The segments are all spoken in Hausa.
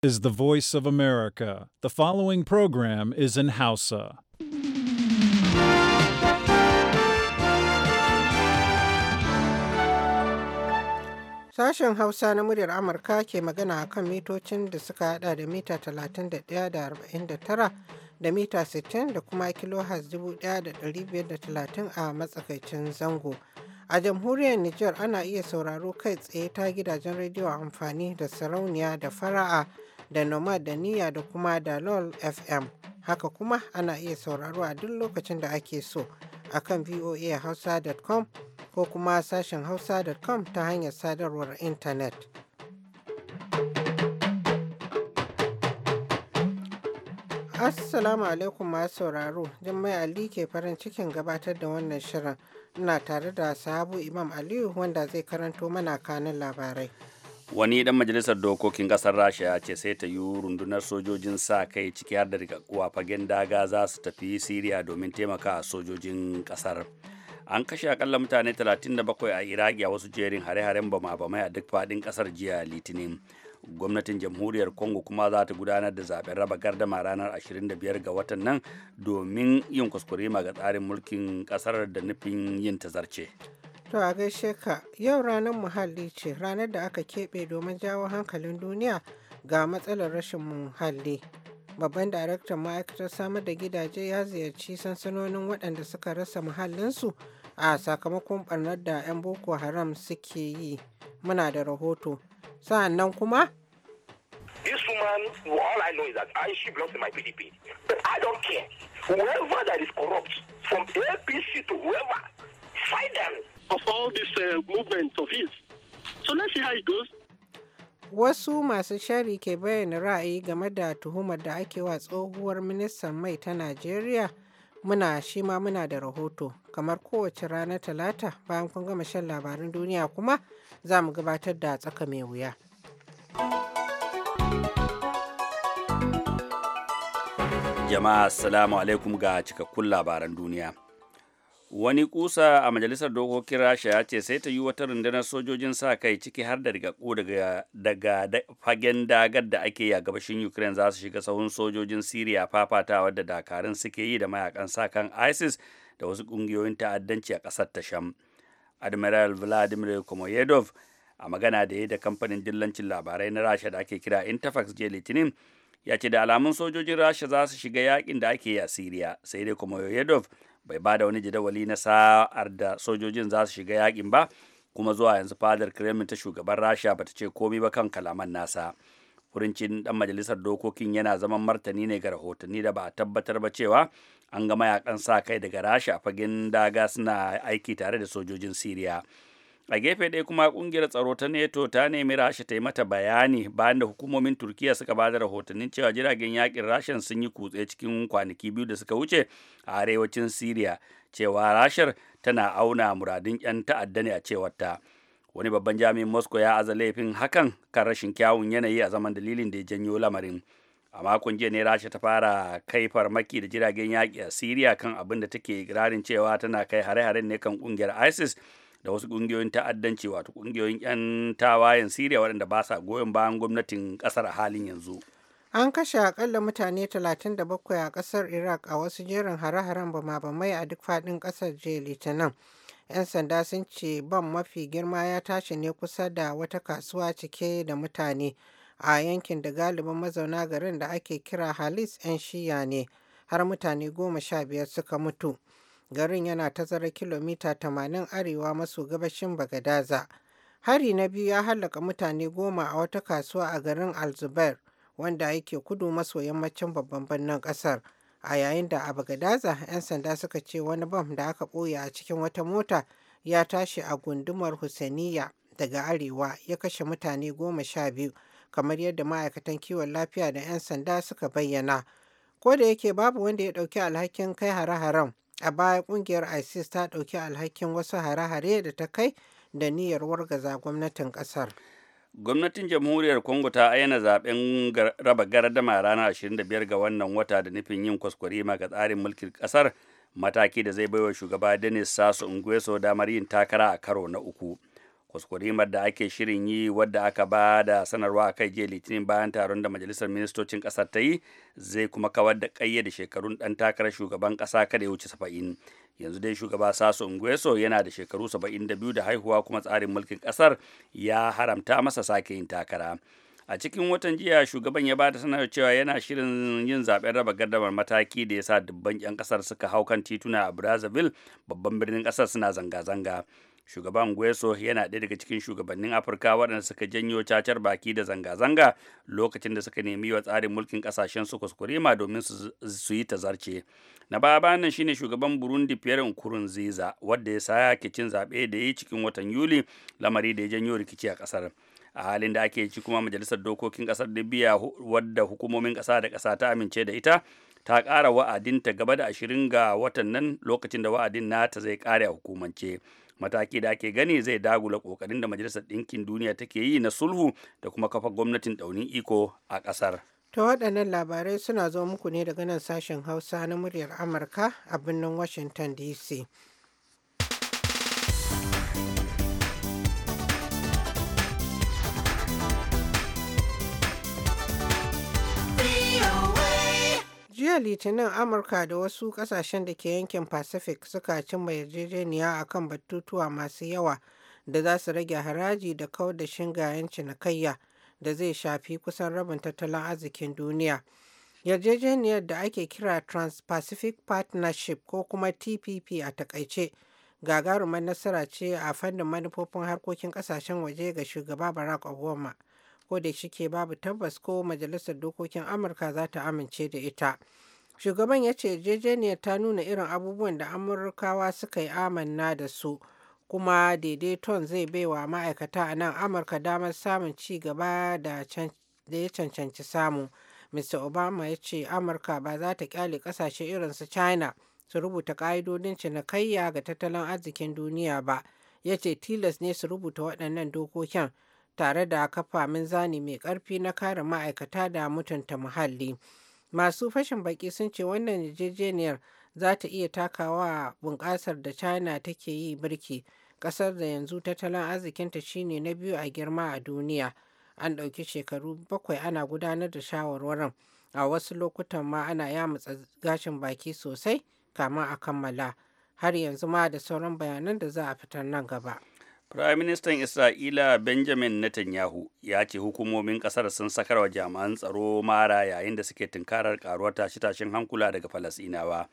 is the voice of America. The following program is in Hausa. Sashen Hausa na muryar Amurka ke magana a kan mitocin da suka hada da mita 31.49 da mita 60 da kuma kilohertz 1530 a matsakaicin zango. A jamhuriyar Nijar ana iya sauraro kai tsaye ta gidajen rediyo amfani da sarauniya da fara'a da Nomad da Niyya da kuma da lol FM. Haka kuma ana iya sauraro a duk lokacin da ake so a kan voahausa.com ko kuma sashen hausa.com ta hanyar sadarwar intanet. Assalamu alaikum masu sauraro, Jummai Ali ke farin cikin gabatar da wannan shirin. Ina tare da sahabu Imam Aliyu wanda zai karanto mana kanin labarai. wani dan majalisar dokokin kasar rasha ya ce sai ta yi rundunar sojojin sa kai ciki har da rikakkuwa fagen daga za su tafi siriya domin taimaka sojojin kasar an kashe akalla mutane 37 a iraki a wasu jerin hare-haren bama-bamai a duk fadin kasar jiya litinin gwamnatin jamhuriyar congo kuma za ta gudanar da zaben raba gardama ranar 25 ga watan nan domin yin kuskure ga tsarin mulkin kasar da nufin yin tazarce To a gaishe ka yau ranar muhalli ce ranar da aka keɓe domin jawo hankalin duniya ga matsalar rashin muhalli. Babban daraktan ma'aikatar samar da gidaje ya ziyarci sansanonin waɗanda suka rasa muhallinsu a sakamakon ɓarnar da 'yan Boko Haram suke yi. Muna da rahoto. Sa'annan kuma This woman, all I know is that I, she belongs to my PDP. But I don't care. Whoever that is corrupt, from APC to whoever, movement of his. So let's see how it goes. Wasu masu shari ke bayyana ra'ayi game da tuhumar da ake wa tsohuwar ministan mai ta Najeriya muna shi ma muna da rahoto kamar kowace rana talata bayan kun gama shan labarin duniya kuma za mu gabatar da tsaka mai wuya. Jama'a assalamu alaikum ga cikakkun labaran duniya. wani kusa a majalisar dokokin rasha ya ce sai ta yi wata rundunar sojojin sa kai ciki har da rigakko daga, daga fagen dagar da ake yi a gabashin ukraine za su shiga sahun sojojin syria fafatawa da dakarun suke yi da mayakan sa kan isis da wasu kungiyoyin ta'addanci a kasar ta sham admiral vladimir komoyedov a magana da ya da kamfanin dillancin labarai na rasha da ake kira interfax je litinin ya ce da alamun sojojin rasha za su shiga yakin da ake yi a syria sai dai komoyedov bai ba da wani jadawali na sa'ar da sojojin za su shiga yakin ba kuma zuwa yanzu fadar kremlin ta shugaban rasha bata ce komi ba kan kalaman nasa furincin dan majalisar dokokin yana zaman martani ne ga rahotanni da ba a tabbatar ba cewa an ga mayakan sa kai daga rasha fagen daga suna aiki tare da sojojin siriya a gefe ɗaya kuma ƙungiyar tsaro ta NATO ta nemi rasha ta yi mata bayani bayan da hukumomin turkiya suka ba da rahotannin cewa jiragen yakin rashan sun yi kutse cikin kwanaki biyu da suka wuce a arewacin siriya cewa rashar tana auna muradin 'yan ta'adda ne a cewar ta wani babban jami'in moscow ya aza laifin hakan kan rashin kyawun yanayi a zaman dalilin da ya janyo lamarin a makon jiya ne rasha ta fara kai farmaki da jiragen yaƙi a siriya kan abin da take ikirarin cewa tana kai hare-haren ne kan ƙungiyar isis da wasu ƙungiyoyin ta'addanci wato ƙungiyoyin 'yan tawayen Siriya waɗanda ba sa goyon bayan gwamnatin ƙasar a halin yanzu. An kashe akalla mutane 37 a ƙasar Iraq a wasu jerin hare-haren bama-bamai a duk faɗin ƙasar jiya Litinin. 'Yan sanda sun ce ban mafi girma ya tashi ne kusa da wata kasuwa cike da mutane a yankin da galibin mazauna garin da ake kira Halis 'yan shiya ne, har mutane goma sha biyar suka mutu. Garin yana tazara kilomita 80 arewa maso gabashin Bagadaza. Hari na biyu ya hallaka mutane goma a wata kasuwa a garin Alzubair wanda yake kudu maso yammacin babban birnin kasar. A yayin da a Bagadaza 'yan sanda suka ce wani bam da aka ɓoye a cikin wata mota ya tashi a gundumar Husaniya daga arewa ya kashe mutane goma sha biyu kamar yadda ma'aikatan kiwon lafiya da 'yan sanda suka bayyana. Ko da yake babu wanda ya ɗauki alhakin kai hare-haren A baya kungiyar ISIS ta dauki alhakin wasu hare-hare da ta kai da niyyar wargaza gwamnatin kasar. Gwamnatin Jamhuriyar Congo ta ayyana zaben raba gardama ranar 25 ga wannan wata da nufin yin kwaskwarima ga tsarin mulkin kasar mataki da zai baiwa shugaba Denis Sassou Nguesso damar yin takara a karo na uku. kuskurimar da ake shirin yi wadda aka ba da sanarwa a kai jiya litinin bayan taron da majalisar ministocin kasar ta yi zai kuma kawar da kayyade shekarun dan takarar shugaban kasa kada ya wuce saba'in yanzu dai shugaba sasu ngueso yana da shekaru saba'in da biyu da haihuwa kuma tsarin mulkin kasar ya haramta masa sake yin takara a cikin watan jiya shugaban ya bada sanar cewa yana shirin yin zaben raba gardamar mataki da ya sa dubban 'yan kasar suka hau kan tituna a brazzaville babban birnin kasar suna zanga-zanga shugaban gueso yana ɗaya daga cikin shugabannin afirka waɗanda suka janyo cacar baki da zanga-zanga lokacin da suka nemi wa tsarin mulkin ƙasashen su kuskurema domin su yi tazarce na baya bayan nan shine shugaban burundi pierre nkurunziza wadda ya sake cin zaɓe da yi cikin watan yuli lamari da ya janyo rikici a ƙasar a halin da ake ci kuma majalisar dokokin ƙasar libya wadda hukumomin ƙasa da ƙasa ta amince da ita ta ƙara ta gaba da ashirin ga watan nan lokacin da wa'adin nata zai ƙare a hukumance mataki da ake gani zai dagula kokarin da majalisar ɗinkin duniya take yi na sulhu da kuma kafa gwamnatin ɗaunin iko a ƙasar ta waɗannan labarai suna zo muku ne daga nan sashen hausa na muryar amurka a birnin washington dc jiya litinin amurka da wasu kasashen da ke yankin pacific suka cimma yarjejeniya a kan batutuwa masu yawa da za su rage haraji da kawar da shingayen cinikayya da zai shafi kusan rabin tattalin arzikin duniya yarjejeniyar da ake kira trans-pacific partnership ko kuma tpp a takaice gagarumar nasara ce a fannin manufofin harkokin kasashen waje ga shugaba barack obama ko da shike babu tabbas ko majalisar dokokin amurka za ta amince da ita shugaban ya ce yarjejeniyar ta nuna irin abubuwan da amurkawa suka yi amanna da su kuma daidaiton zai baiwa ma'aikata a nan amurka damar samun ci gaba da ya cancanci samu mr obama ya ce amurka ba za ta kyale kasashe irin su china su rubuta ka'idodin cinikayya ga tattalin arzikin duniya ba ya ce tilas ne su rubuta waɗannan dokokin tare da kafa zani mai ƙarfi na kare ma'aikata da mutunta muhalli. Masu fashin baki sun ce wannan yarjejeniyar za ta iya takawa bunƙasar da China take yi birki, ƙasar da yanzu tattalin arzikinta shine na biyu a girma a duniya. An ɗauki shekaru bakwai ana gudanar da shawarwarin. A wasu lokutan ma ana yamutsa gashin baki sosai kama a kammala. Har yanzu ma da sauran bayanan da za a fitar nan gaba. Firaministan Isra'ila Benjamin Netanyahu ya ce hukumomin ƙasar sun wa jami'an tsaro mara yayin da suke tunkarar karuwar tashe-tashen hankula daga Falasɗinawa.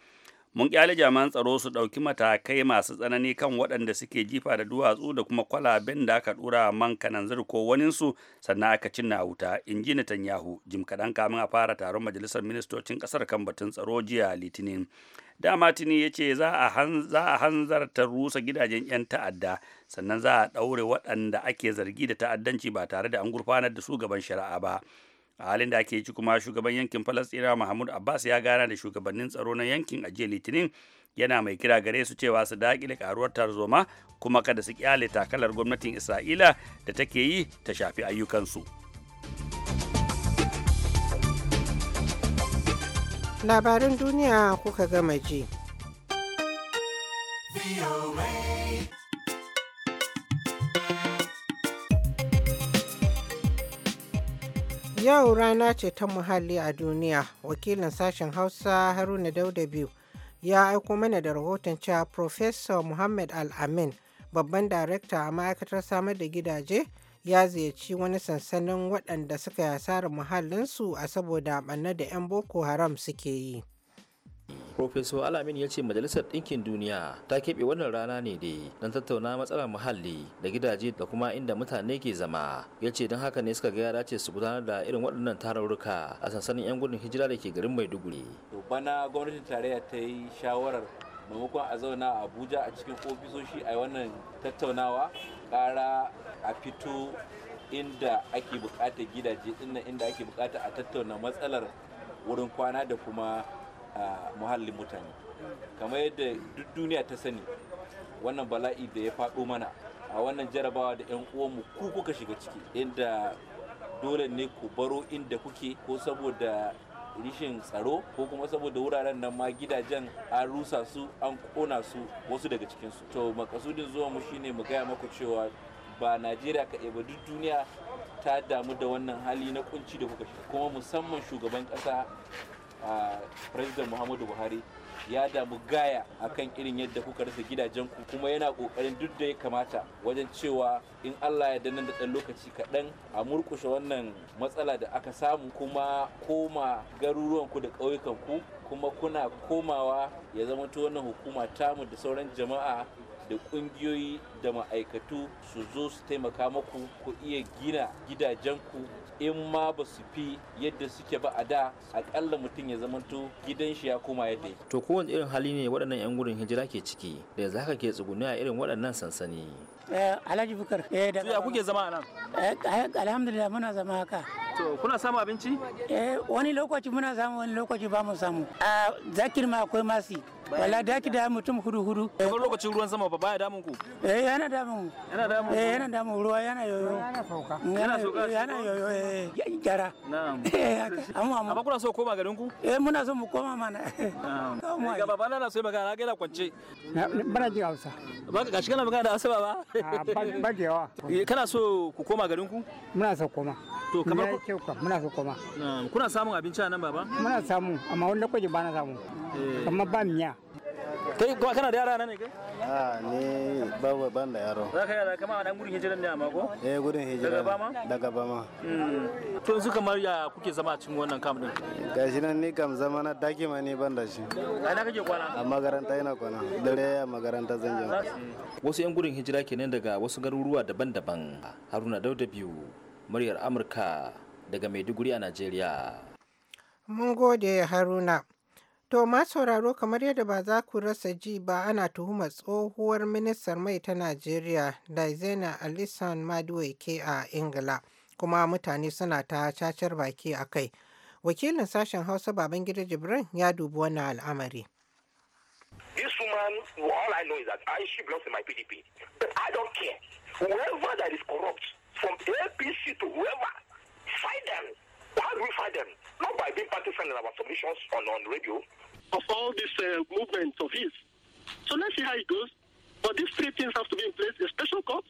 Mun kyale jami'an tsaro su ɗauki matakai masu tsanani kan waɗanda suke jifa da duwatsu da kuma kwalaben da aka ɗora man kananzir ko waninsu sannan aka cinna wuta, in ji Netanyahu jim kaɗan kamin a fara taron majalisar ministocin ƙasar kan batun tsaro jiya Litinin. dama tuni ya ce za a hanzarta rusa gidajen 'yan ta'adda sannan za a ɗaure waɗanda ake zargi da ta'addanci ba tare da an gurfanar da su gaban shari'a ba a halin da ake ci kuma shugaban yankin falastina mahmud abbas ya gana da shugabannin tsaro na yankin a jiya litinin yana mai kira gare su cewa su daƙile karuwar tarzoma kuma kada su kyale takalar gwamnatin isra'ila da take yi ta shafi ayyukansu. labaran duniya kuka gama ji. Yau rana ce ta muhalli a duniya, wakilin sashen Hausa Haruna Dauda biyu ya aiko mana da rahoton cewa Professor Muhammad Al-Amin, babban darekta a ma'aikatar samar da gidaje ya ziyarci wani sansanin waɗanda suka yi asarar muhallinsu a saboda ɓanna da 'yan boko haram suke yi Profesor Alamin ya ce Majalisar Ɗinkin Duniya ta keɓe wannan rana ne dai don tattauna matsalar muhalli da gidaje da kuma inda mutane ke zama. Ya ce don haka ne suka ga yara ce su gudanar da irin waɗannan tarurruka a sansanin 'yan gudun hijira da ke garin Maiduguri. To bana gwamnatin tarayya ta yi shawarar maimakon a zauna a abuja a cikin ofisoshi a wannan tattaunawa kara a fito inda ake bukata gidaje dinnan inda ake bukata a tattauna matsalar wurin kwana da kuma muhallin mutane kamar yadda duk duniya ta sani wannan bala'i da ya faɗo mana a wannan jarabawa da 'yan uwanmu ku kuka shiga ciki inda dole ne ku baro inda kuke ko saboda rishin tsaro ko kuma saboda wuraren nan ma gidajen an rusa su an kona su wasu daga cikinsu to makasudin zuwa mu shine mu gaya maku cewa ba najeriya kaɗai ba duk duniya ta damu da wannan hali na kunci da kuka shiga kuma musamman shugaban kasa a ah, president muhammadu buhari ya damu gaya akan irin yadda kuka rasa gidajenku kuma yana kokarin duk da ya kamata wajen cewa in Allah ya danna da dan lokaci kaɗan a murkushe wannan matsala da aka samu kuma koma garuruwanku da ƙauyukanku kuma kuna komawa ya zama wannan hukuma tamu da sauran jama'a da kungiyoyi da ma'aikatu su zo su taimaka maku ku iya gina gidajenku in ma ba su fi yadda suke ba a da akalla mutum ya zamanto gidan shi ya koma yadda to kowane irin hali ne waɗannan 'yan gudun hijira ke ciki da za ka ke tsuguni a irin waɗannan sansani eh, alhaji bukar eh kuke zama a nan eh, eh, alhamdulillah muna zama haka To kuna samu abinci? Eh wani lokaci muna samu wani lokaci ba mu samu. A zakir ma akwai masi. wala da ki da mutum hudu hudu kamar lokacin ruwan sama ba baya damun ku eh yana damun yana damun eh yana damun ruwa yana yoyo yana sauka yana yoyo eh gyara na'am eh, amma amma kuna so koma garin ku eh muna so mu koma mana na'am ga baba na so magana ga da kwance bana ji Hausa ba ka shi kana magana da Asaba ba ba da kana so ku koma garin ku muna so koma to kamar ku muna so koma kuna samun abinci a nan baba muna samu amma wanda kwaje ba na samu eh. amma ba miya kai kuma kana da yara nan ne kai a ni babu ban da yaro za ka yara kama a dan gudun hijira ne amma ko eh gudun hijira daga bama daga mm. bama to yanzu kamar ya kuke zama a cikin wannan kam din gashi nan ni kam zama na daki ma ni ban da shi a ina kake kwana a makaranta ina kwana dare a makaranta zan je wasu yan gudun hijira kenan daga wasu garuruwa daban-daban haruna dauda biyu muryar amurka daga maiduguri a najeriya mun gode haruna To ma sauraro kamar yadda ba za ku rasa ji ba ana tuhumar tsohuwar ministar mai ta Najeriya Diana Alison Maduweke a Ingila kuma mutane suna ta cacar baki a kai. Wakilin sashen Hausa Babangida Jibrin ya dubi wannan al'amari. This woman, all I know is Whoever that is corrupt, from on, on radio. Of all these uh, movements of his. So let's see how it goes. But these three things have to be in place a special court,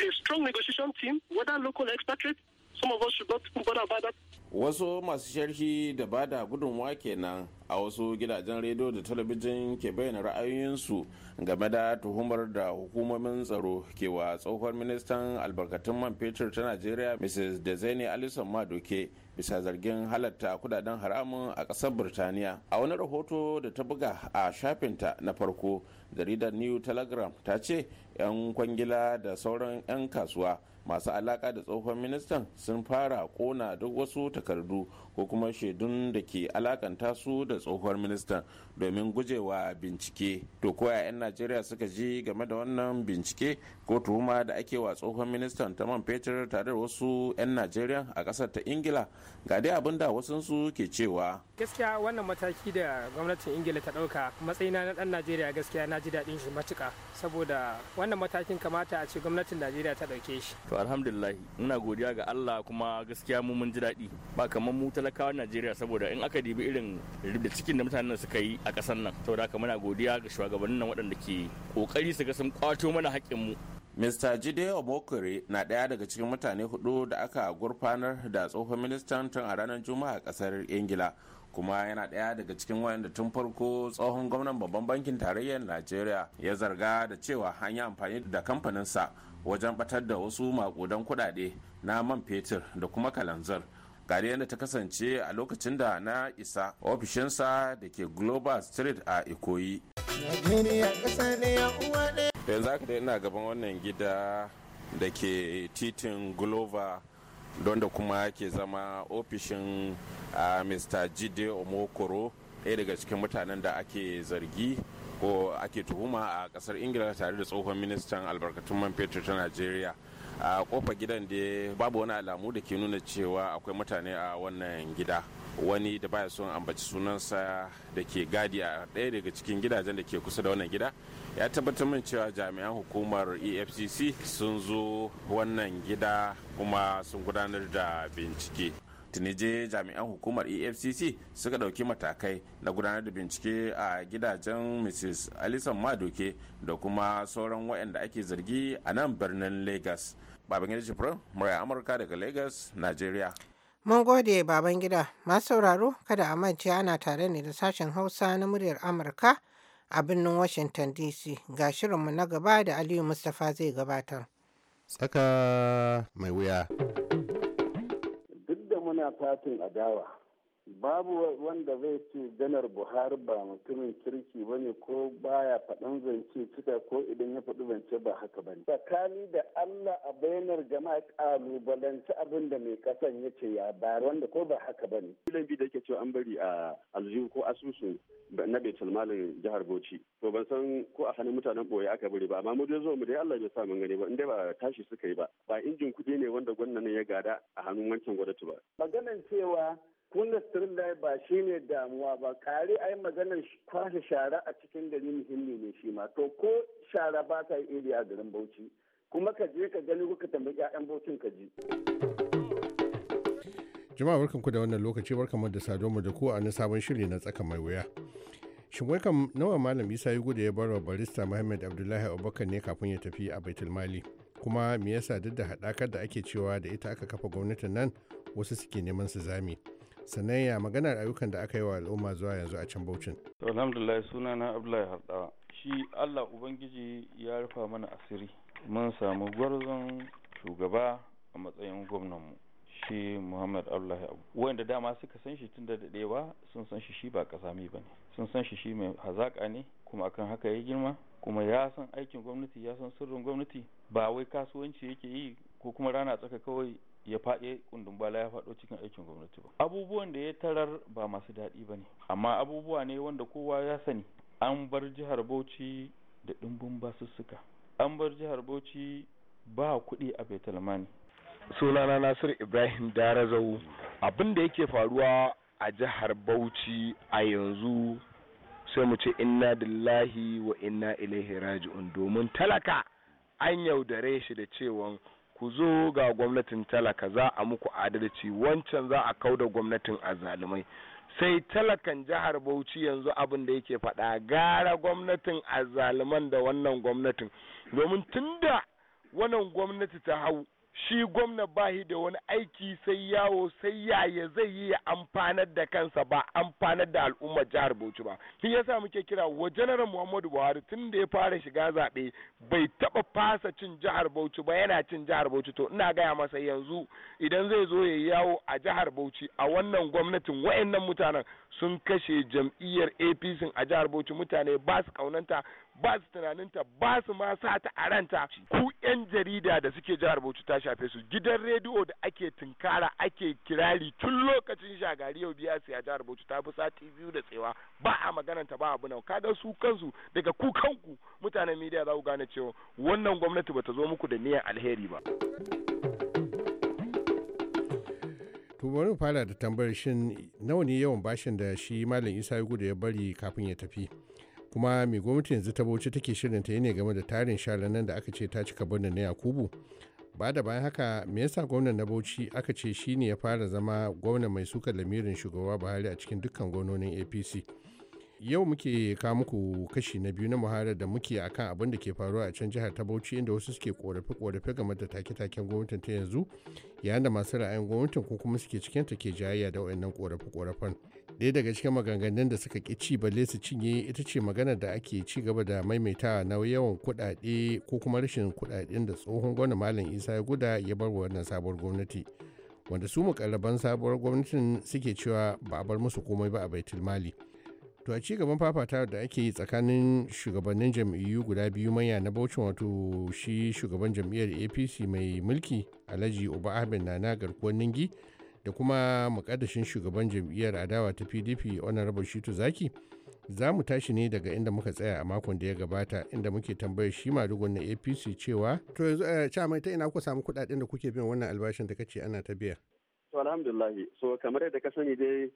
a strong negotiation team, whether local expatriate. Some of us should not bother about that. Wasu masu sharhi da ba da Also, kenan a wasu gidajen rediyo da talabijin ke bayyana ra'ayoyinsu game da tuhumar da hukumomin tsaro ke wa tsohon ministan albarkatun man fetur ta Nigeria, Mrs. Dezeni Alison Madoke bisa zargin halatta kudaden haramun a ƙasar birtaniya a wani rahoto da ta buga a shafinta na farko jaridar new telegram ta ce 'yan kwangila da sauran 'yan kasuwa masu alaka da tsohon ministan sun fara kona duk wasu takardu ko kuma shaidun da ke alakanta su da tsohuwar ministan domin gujewa bincike to koya 'yan najeriya suka ji game da wannan bincike ko tuhuma da ake wa tsohuwar ministan ta man fetur tare da wasu 'yan najeriya a kasar ta ingila ga dai abin da su ke cewa gaskiya wannan mataki da gwamnatin ingila ta dauka matsayina na dan najeriya gaskiya na ji daɗin shi matuka saboda wannan matakin kamata a ce gwamnatin najeriya ta dauke shi to alhamdulillah ina godiya ga allah kuma gaskiya mu mun ji daɗi ba kamar mu talakawan Najeriya saboda in aka dibi irin da cikin da mutanen suka yi a kasar nan saboda haka muna godiya ga shugabannin nan waɗanda ke kokari su ga sun kwato mana haƙƙin mu. Mr. Jide Obokure na daya daga cikin mutane hudu da aka gurfanar da tsohon ministan tun a ranar Juma'a a kasar Ingila kuma yana daya daga cikin wayanda tun farko tsohon gwamnan babban bankin tarayyar Najeriya ya zarga da cewa an yi amfani da kamfaninsa wajen batar da wasu makudan kuɗaɗe na man fetur da kuma kalanzar. gari yadda ta kasance a lokacin da na isa ofishinsa da ke global street a ikoyi yanzu aka dai ina gaban wannan gida da ke titin glover don da kuma ke zama ofishin a mr jide omokoro ɗaya daga cikin mutanen da ake zargi ko ake tuhuma a ƙasar ingila tare da tsohon ministan albarkatun man fetur ta nigeria. a kofa gidan da babu wani alamu da ke nuna cewa akwai mutane a wannan gida wani da baya son ambaci sunansa da ke gadi a ɗaya daga cikin gidajen da ke kusa da wannan gida ya tabbatar min cewa jami'an hukumar efcc sun zo wannan gida kuma sun gudanar da bincike tuni je jami'an hukumar efcc suka dauki matakai na gudanar da bincike a gidajen mrs alison madoke da kuma sauran waɗanda ake zargi a nan birnin lagos babangida jibrin murai amurka daga lagos nigeria Mun gode baban gida masu sauraro kada a mance ana tare ne da sashen Hausa na muryar Amurka a birnin Washington DC ga shirinmu na gaba da Aliyu Mustapha zai gabatar. Tsaka mai wuya. passing katin adawa babu wanda zai ce janar buhari ba mutumin kirki ba ne ko baya faɗin zance cika ko idan ya faɗi zance ba haka ba ne tsakani da allah a bayanar jama'a kalubalanci abin da mai ƙasan ya ce ya bayar wanda ko ba haka ba ne bi da yake cewa an bari a aljihu ko asusun na baitul malin jihar bauchi to ban san ko a hannun mutanen boye aka bari ba amma mu dai zo mu dai allah bai sa mun gani ba inda ba tashi suka yi ba ba injin kuɗi ne wanda Gwannan ya gada a hannun wancan gwamnati ba maganan cewa kunna sitirin ba shi ne damuwa ba kare ai maganar kwashe shara a cikin gari muhimmi ne shi ma to ko shara ba ta yi iri a garin bauchi kuma ka je ka gani kuka tambayi 'ya'yan bauchin ka ji. jama'a ku da wannan lokaci mu da sadoma da ku a na sabon shiri na tsaka mai wuya shin wai kam nawa malam isa ya gudu ya bar wa barista muhammad abdullahi abubakar ne kafin ya tafi a baitul mali kuma me yasa duk da haɗakar da ake cewa da ita aka kafa gwamnatin nan wasu suke neman su zami. sannan magana maganar ayyukan da aka yi wa al'umma zuwa yanzu a can baucin. alhamdulillah suna na abdullahi hardawa shi allah ubangiji ya rufa mana asiri mun samu gwarzon shugaba a matsayin mu shi muhammad abdullahi abu wanda dama suka san shi tun da daɗewa sun san shi shi ba kasami ba ne sun san shi shi mai hazaƙa ne kuma akan haka ya girma kuma ya san aikin gwamnati ya san sirrin gwamnati ba wai kasuwanci yake yi ko kuma rana tsaka kawai ya faɗi kundin ya faɗo cikin aikin gwamnati ba abubuwan da ya tarar ba masu daɗi ba ne amma abubuwa ne wanda kowa ya sani an bar jihar bauchi da ɗumbin basussuka an bar jihar bauchi ba kuɗi a betulmani sunana nasir ibrahim darazau abin da yake faruwa a jihar bauchi a yanzu sai mu ce inna dillahi wa inna ilaihi raji'un domin talaka an yaudare shi da cewan ku zo ga gwamnatin talaka za a muku adalci wancan za a kau da gwamnatin azalumai sai talakan jihar bauchi yanzu abin da yake faɗa gara gwamnatin azzaluman da wannan gwamnatin domin tunda wannan gwamnati ta hau shi gwamna bahi da wani aiki sai yawo sai yaya zai yi amfanar da kansa ba amfanar da al'ummar jihar Bauchi ba shi yasa muke kira wa janaral Muhammadu Buhari tun da ya fara shiga zaɓe bai taɓa fasa cin jihar Bauchi ba yana cin jihar Bauchi to ina gaya masa yanzu idan zai zo ya yawo a jihar Bauchi a wannan gwamnatin wayannan mutanen sun kashe jam'iyyar apc a jihar bauchi mutane ba su kaunanta ba su tunaninta ba su ma sa ta a ku yan jarida da suke jihar bauchi ta shafe su gidan rediyo da ake tunkara ake kirari tun lokacin shagari yau biya a jihar bauchi ta fi sati biyu da tsewa ba a magananta ba abu nan kaga su kansu daga ku kanku mutanen media za ku gane cewa wannan gwamnati bata zo muku da niyyar alheri ba. to bari fara da tambayar shin nawa ne yawan bashin da shi malam isa yugo da ya bari kafin ya tafi kuma mai gwamnati yanzu ta bauchi take shirin ta ne game da tarin nan da aka ce ta cika birnin na yakubu ba da bayan haka me yasa gwamnan na bauchi aka ce shi ne ya fara zama gwamnan mai suka lamirin shugaba buhari a cikin dukkan gwamnonin apc yau muke ka muku kashi na biyu na muharar da muke akan abin da ke faruwa a can jihar ta bauchi inda wasu suke korafe korafe game da take-taken gwamnatin ta yanzu yayin da masu ra'ayin gwamnatin ko kuma suke cikin ta ke jayayya da wayannan korafe korafen ɗaya daga cikin maganganun da suka ƙi ci balle su cinye ita ce magana da ake ci gaba da maimaitawa na yawan kuɗaɗe ko kuma rashin kuɗaɗen da tsohon gwamna malam isa ya guda ya bar wa wannan sabuwar gwamnati wanda su mukarraban sabuwar gwamnatin suke cewa ba a bar musu komai ba a baitul mali to a cigaban fafata da ake yi tsakanin shugabannin jam'iyyu guda biyu manya na baucin wato shi shugaban jam'iyyar apc mai mulki alhaji uba ahmed nana garkuwar ningi da kuma mukaddashin shugaban jam'iyyar adawa ta pdp honorable shitu zaki za mu tashi ne daga inda muka tsaya a makon da ya gabata inda muke tambayar shi ma na apc cewa to yanzu eh, a ta ina ku samu kudaden da kuke bin wannan albashin da ce ana ta biya to alhamdulillah so kamar yadda ka sani dai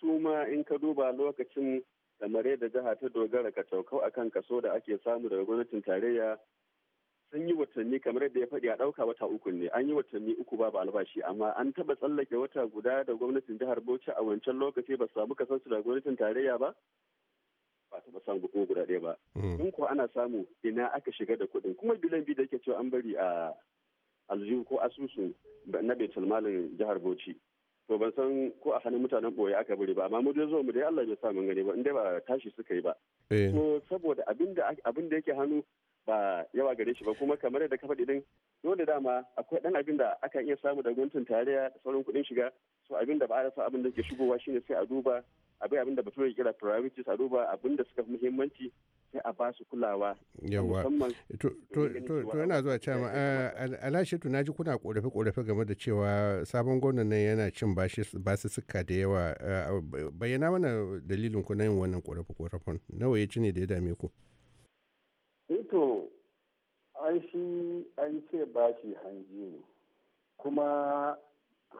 su ma in ka duba lokacin kamar da jiha ta dogara ka taukau akan kaso da ake samu daga gwamnatin tarayya sun yi watanni kamar yadda ya faɗi a ɗauka wata uku ne an yi watanni uku babu albashi amma an taɓa tsallake wata guda da gwamnatin jihar bauchi a wancan lokaci ba su samu kasansu daga gwamnatin tarayya ba ba taɓa samu ko guda ɗaya ba in hmm. ko ana samu ina aka shiga da kuɗin kuma bilan bi da yake cewa an bari a aljihu ko asusu na betul malin jihar bauchi to ban san ko a hannun mutanen boye aka bari ba amma mu dai zo mu dai Allah bai sa mun gani ba inda ba tashi suka yi ba eh. to saboda abinda da yake hannu ba yawa gare shi ba kuma kamar yadda ka faɗi din dole dama akwai dan abin da aka iya samu da gwamnatin tarayya da sauran kuɗin shiga so abin da ba a rasa abin da ke shigowa shine sai a duba abin abin da bature kira priorities a duba abin da suka fi muhimmanci sai a ba su kulawa yawa to yana zuwa cewa eh, alashe na ji kuna korafe korafe game da cewa sabon gwamnan nan yana cin su suka da yawa eh, bayyana mana dalilin ku na yin wannan korafe korafen nawa ya ci ne da ya dame ku eh, to an shi an ce bashi hanji ne kuma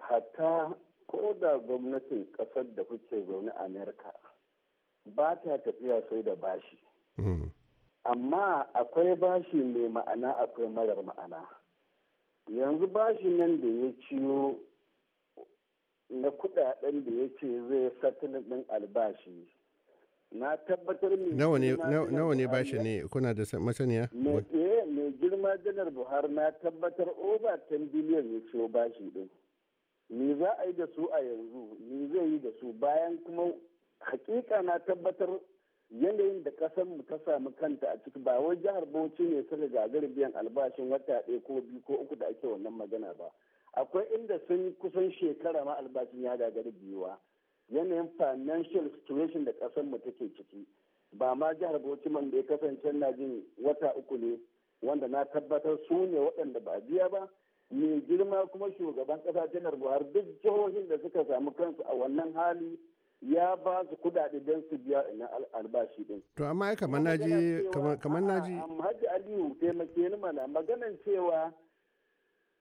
hatta ko da gwamnatin kasar da kuke zaune amerika ba ta tafiya sai da bashi hmm. amma akwai bashi mai ma'ana akwai marar ma'ana yanzu bashi nan da ya ciyo na kudaden da ya ce zai satilin din albashi na tabbatar mai nawa ne bashi ne kuna da masaniya eh, mai girma janar buhari na tabbatar over 10 billion ya ciyo bashi din me za a yi da su a yanzu me zai yi da su bayan kuma hakika na tabbatar yanayin da kasan mu ta samu kanta a ciki ba wai jihar bauchi ne suka gagari biyan albashin wata ɗaya ko biyu ko uku da ake wannan magana ba akwai inda sun kusan shekara ma albashin ya gagari biyuwa yanayin financial situation da kasar mu take ciki ba ma jihar bauchi man da ya kasance na jin wata uku ne wanda na tabbatar su ne waɗanda ba biya ba mai girma kuma shugaban ƙasa janar buhari duk jihohin da suka samu kansu a wannan hali ya ba su kudade don su biya ina albashi din. To amma ya kamar naji kamar naji. Hajji Aliyu taimake ni mana maganan cewa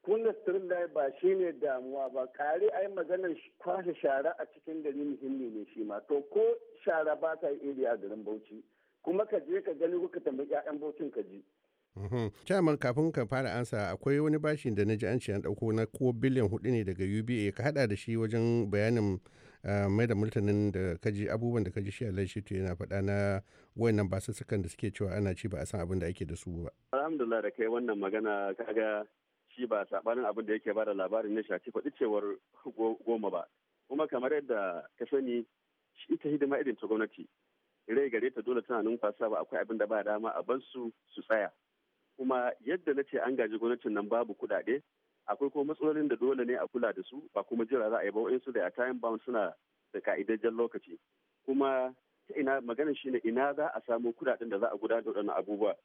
kunna da ba shi ne damuwa ba kare ai maganar kwashe shara a cikin gari muhimmi ne shi ma to ko shara ba ta yi iri a garin Bauchi kuma ka je ka gani kuka tambayi 'ya'yan Bauchin ka ji. Mhm. Chairman kafin ka fara ansa akwai wani bashi da na ji an ce an ɗauko na ko biliyan hudu ne daga UBA ka hada da shi wajen bayanin ah, mai da martanin da ji abubuwan da ka ji shi Allah shi yana faɗa na wayannan sukan da suke cewa ana ci ba a san abin da ake da su ba. Alhamdulillah da kai wannan magana kaga shi ba sabanin abin da yake ba da labarin na shafi faɗi cewar goma ba. Kuma kamar yadda ka sani shi ita hidima irin ta gwamnati. Rai gare ta dole tana numfasa ba akwai abin da ba dama a bansu su tsaya. kuma yadda na ce an gaji gwamnatin nan babu kuɗaɗe akwai kuma matsalolin da dole ne a kula da su ba kuma jira za a yi ba wa'insu da a time bound suna da ka'idajen lokaci kuma ta ina maganar shine ina za a samu kuɗaɗen da za a gudanar da waɗannan abubuwa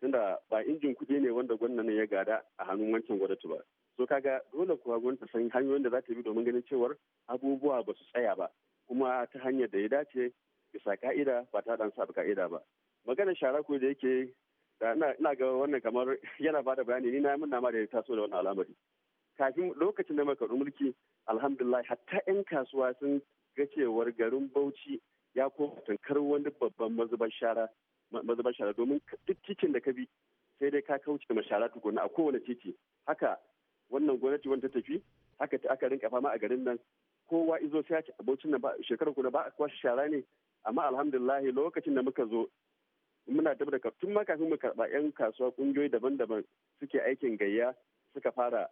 tunda ba injin kuɗi ne wanda gwamnan ya gada a hannun wancan gwamnati ba so kaga dole kuwa gwamnati san hanyoyin da za ta bi domin ganin cewar abubuwa ba su tsaya ba kuma ta hanyar da ya dace bisa ka'ida ba ta dan sa ka'ida ba Maganar shara ko da yake ina ga wannan kamar yana bada bayani ni na yi munna ma da ya taso da wannan al'amari kafin lokacin da muka mulki alhamdulillah hatta yan kasuwa sun ga cewar garin Bauchi ya koma tankar wani babban mazubar shara mazubar shara domin duk cikin da ka bi sai dai ka kauce ma shara tukuna a kowane titi haka wannan gwamnati wanda ta tafi haka ta aka rinka fama a garin nan kowa izo sai ya ci abocin nan ba shekarar kuna ba a kwashe shara ne amma alhamdulillah lokacin da muka zo muna dab da tun ma kafin mu karɓa 'yan kasuwa ƙungiyoyi daban-daban suke aikin gayya suka fara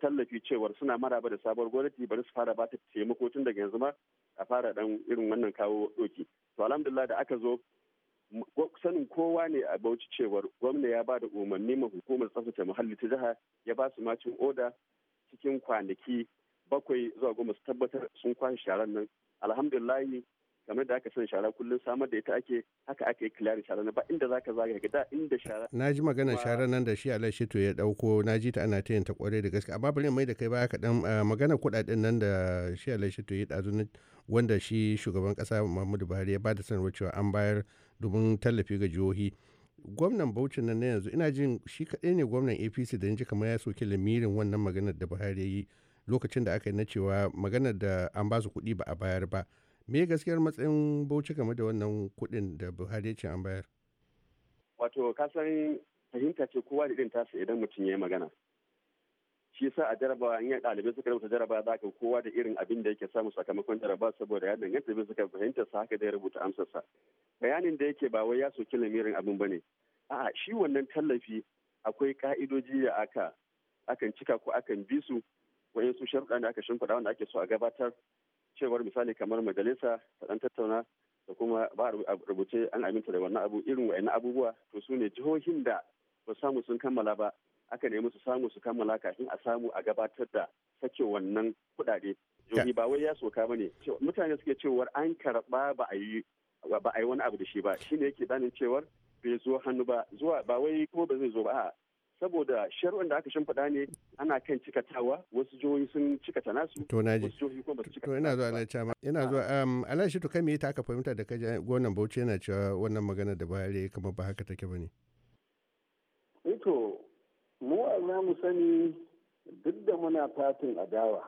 tallafi cewar suna maraba da sabuwar gwamnati bari su fara ba ta taimako tun daga yanzu ma a fara dan irin wannan kawo doki to alhamdulillah da aka zo sanin kowa ne a bauchi cewar gwamna ya ba da umarni ma hukumar tsaftace muhalli ta jiha ya ba su macin oda cikin kwanaki bakwai zuwa goma su tabbatar sun kwashe sharan nan alhamdulillah. kamar da aka san shara kullum samar da ita ake haka aka yi kilari shara na ba inda zaka zaga ga da inda shara na ji magana shara nan da shi Alhaji to ya dauko na ji ta ana ta ta kware da gaske amma bari mai da kai baya kaɗan eh, magana kuɗaɗen nan da shi Alhaji to ya dazu wanda shi shugaban kasa Muhammadu Buhari ya ba da sanarwa cewa an bayar domin tallafi ga jihohi gwamnan Bauchi nan na yanzu ina jin shi kaɗai ne gwamnan APC da ji kamar ya soke lamirin wannan maganar da Buhari ya yi lokacin da aka yi na cewa maganar da an ba su kuɗi ba a bayar ba me gaskiyar matsayin bauchi game da wannan kuɗin da buhari ya ce an bayar wato kasan fahimta ce kowa da irin tasa idan mutum ya yi magana shi sa a jaraba in ya ɗalibai suka rubuta jaraba za ka kowa da irin abin da yake samu sakamakon jaraba saboda ya danganta bin suka fahimta sa haka da ya rubuta amsarsa bayanin da yake ba wai ya soki lamirin abin ba ne a'a shi wannan tallafi akwai ka'idoji da aka akan cika ko akan bi su wayan su sharuɗa da aka shimfiɗa wanda ake so a gabatar cewar misali kamar majalisa ta dan tattauna da kuma ba a rubuce an aminta da wannan abu irin wa'ina abubuwa to su ne jihohin da ba samu sun kammala ba aka nemi su samu su kammala kafin a samu a gabatar da sake wannan kuɗaɗe. Yomi ba wai ya soka ba ne. Mutane suke cewar an karɓa ba a yi ba a yi wani abu da shi ba shine yake danin cewar bai zo hannu ba zuwa ba wai kuma ba zai zo ba saboda shari'un da aka shimfiɗa ne ana kan cikatawa wasu jihohi sun cikata nasu to na ji to ina zuwa na cama ina zuwa ah. um, shi to kai me ta aka fahimta da kaji gonan bauchi yana cewa wannan magana da buhari kamar ba haka take bane eh to mu za mu sani duk da muna fatin adawa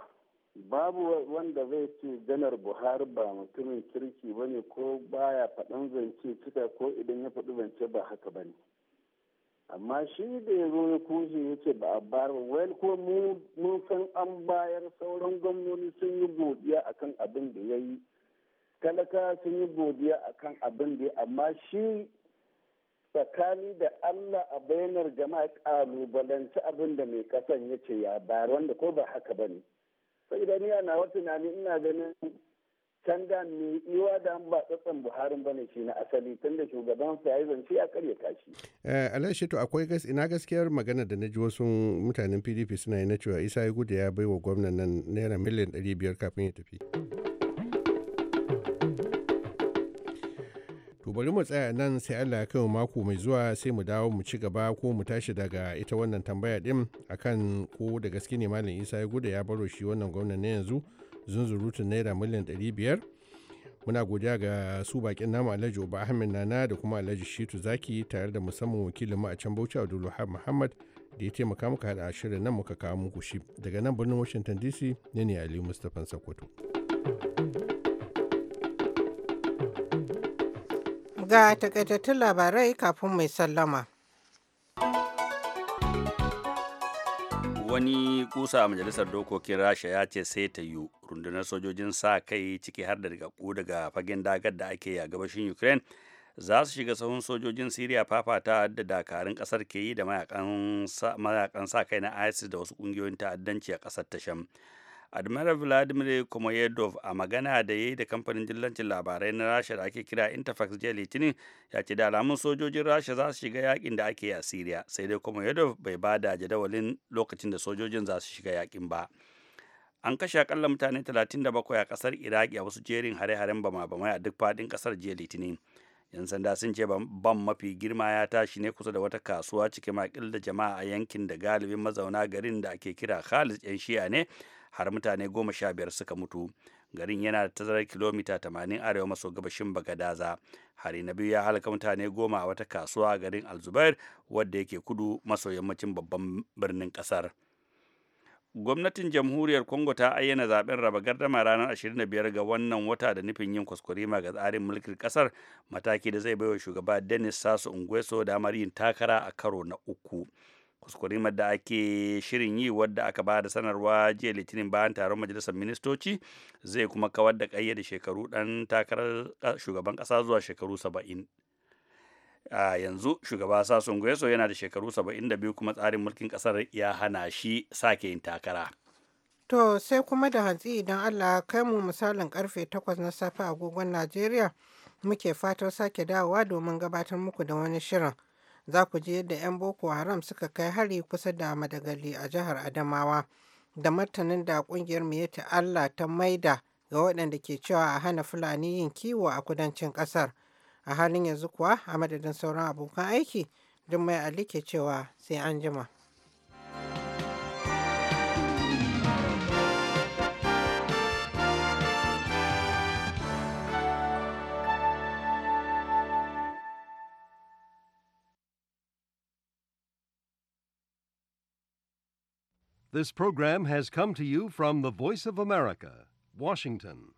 babu wanda zai ce janar buhari ba mutumin kirki ba ne ko baya faɗan zance cika ko idan ya faɗi zance ba haka ba ne amma shi da ya zo ya kushe ya ce ba a bayar wai ko mun san an bayar sauran gwamnoni sun yi godiya akan abin da ya yi talaka sun yi godiya akan abin da ya amma shi tsakani da allah a bayanar jama'a kalubalanci abin da mai kasan ya ce ya bayar wanda ko ba haka ba ne sai da ni ana wata tunani ina ganin canza mai iwa da an ba tsatsan buharin ba ne shi na asali tunda shugaban sa ya zance ya karya tashi. Eh, alashi to akwai gas ina gaskiyar magana da na ji wasu mutanen pdp suna yi na cewa isa ya ya bai wa gwamnan nan naira miliyan 500 kafin ya tafi. To bari mu tsaya nan sai Allah ya kai mako mai zuwa sai mu dawo mu ci gaba ko mu tashi daga ita wannan tambaya din akan ko da gaske ne Malam Isa ya gudu ya baro shi wannan gwamnan na yanzu zunzurutun naira miliyan 500 muna godiya ga su bakin namu alhaji oba ahmed nana da kuma alhaji shitu zaki tare da musamman wakilin mu a can bauchi hamad muhammad da ya taimaka muka hada shirin nan muka kawo muku shi daga nan birnin washington dc ne ne ali mustapha sokoto ga takaitattun labarai kafin mai sallama wani kusa a majalisar dokokin rasha ya ce sai ta yiwu rundunar sojojin sa kai ciki har da riga-ku daga fagen dagar da ake a gabashin ukraine za su shiga sahun sojojin siriya fafata da dakarun kasar ke yi da mayakan sa kai na isis da wasu kungiyoyin ta'addanci a kasar tashan admiral vladimir komoyedov a magana da ya da kamfanin dillancin labarai na rasha da ake kira interfax jiya litinin ya ce da alamun sojojin rasha za su shiga yakin da ake yi a siriya sai dai komoyedov bai ba da jadawalin lokacin da sojojin za su shiga yakin ba an kashe akalla mutane 37 a kasar iraq a wasu jerin hare-haren bama-bamai a duk fadin kasar jiya litinin yan sanda sun ce ban mafi girma ya tashi ne kusa da wata kasuwa cikin makil da jama'a a yankin da galibin mazauna garin da ake kira khalis yan shi'a ne har mutane goma sha biyar suka mutu garin yana da tazarar kilomita 80 arewa maso gabashin bagadaza hari na biyu ya halaka mutane goma a wata kasuwa a garin alzubair wadda yake kudu maso yammacin babban birnin kasar gwamnatin jamhuriyar congo ta ayyana zaben raba gardama ranar 25 ga wannan wata da nufin yin kwaskwarima ga tsarin mulkin kasar mataki da zai baiwa shugaba denis sasu ungweso damar yin takara a karo na uku kuskurimar da ake shirin yi wadda aka ba da sanarwa jiya litinin bayan taron majalisar ministoci zai kuma kawar da kayyade shekaru dan takarar shugaban ƙasa zuwa shekaru saba'in a yanzu shugaba sasun gueso yana da shekaru 72 kuma tsarin mulkin kasar ya hana shi sake yin takara to sai kuma da hantsi idan allah kai mu misalin karfe 8 na safe a agogon najeriya muke fatan sake dawowa domin gabatar muku da wani shirin za ku ji yadda 'yan boko haram suka kai hari kusa da madagali a jihar adamawa da martanin da kungiyar mu ta allah ta maida ga waɗanda ke cewa a hana fulani yin kiwo a kudancin ƙasar a halin yanzu kuwa a madadin sauran abokan aiki duk mai ali ke cewa sai an jima. This program has come to you from the Voice of America, Washington.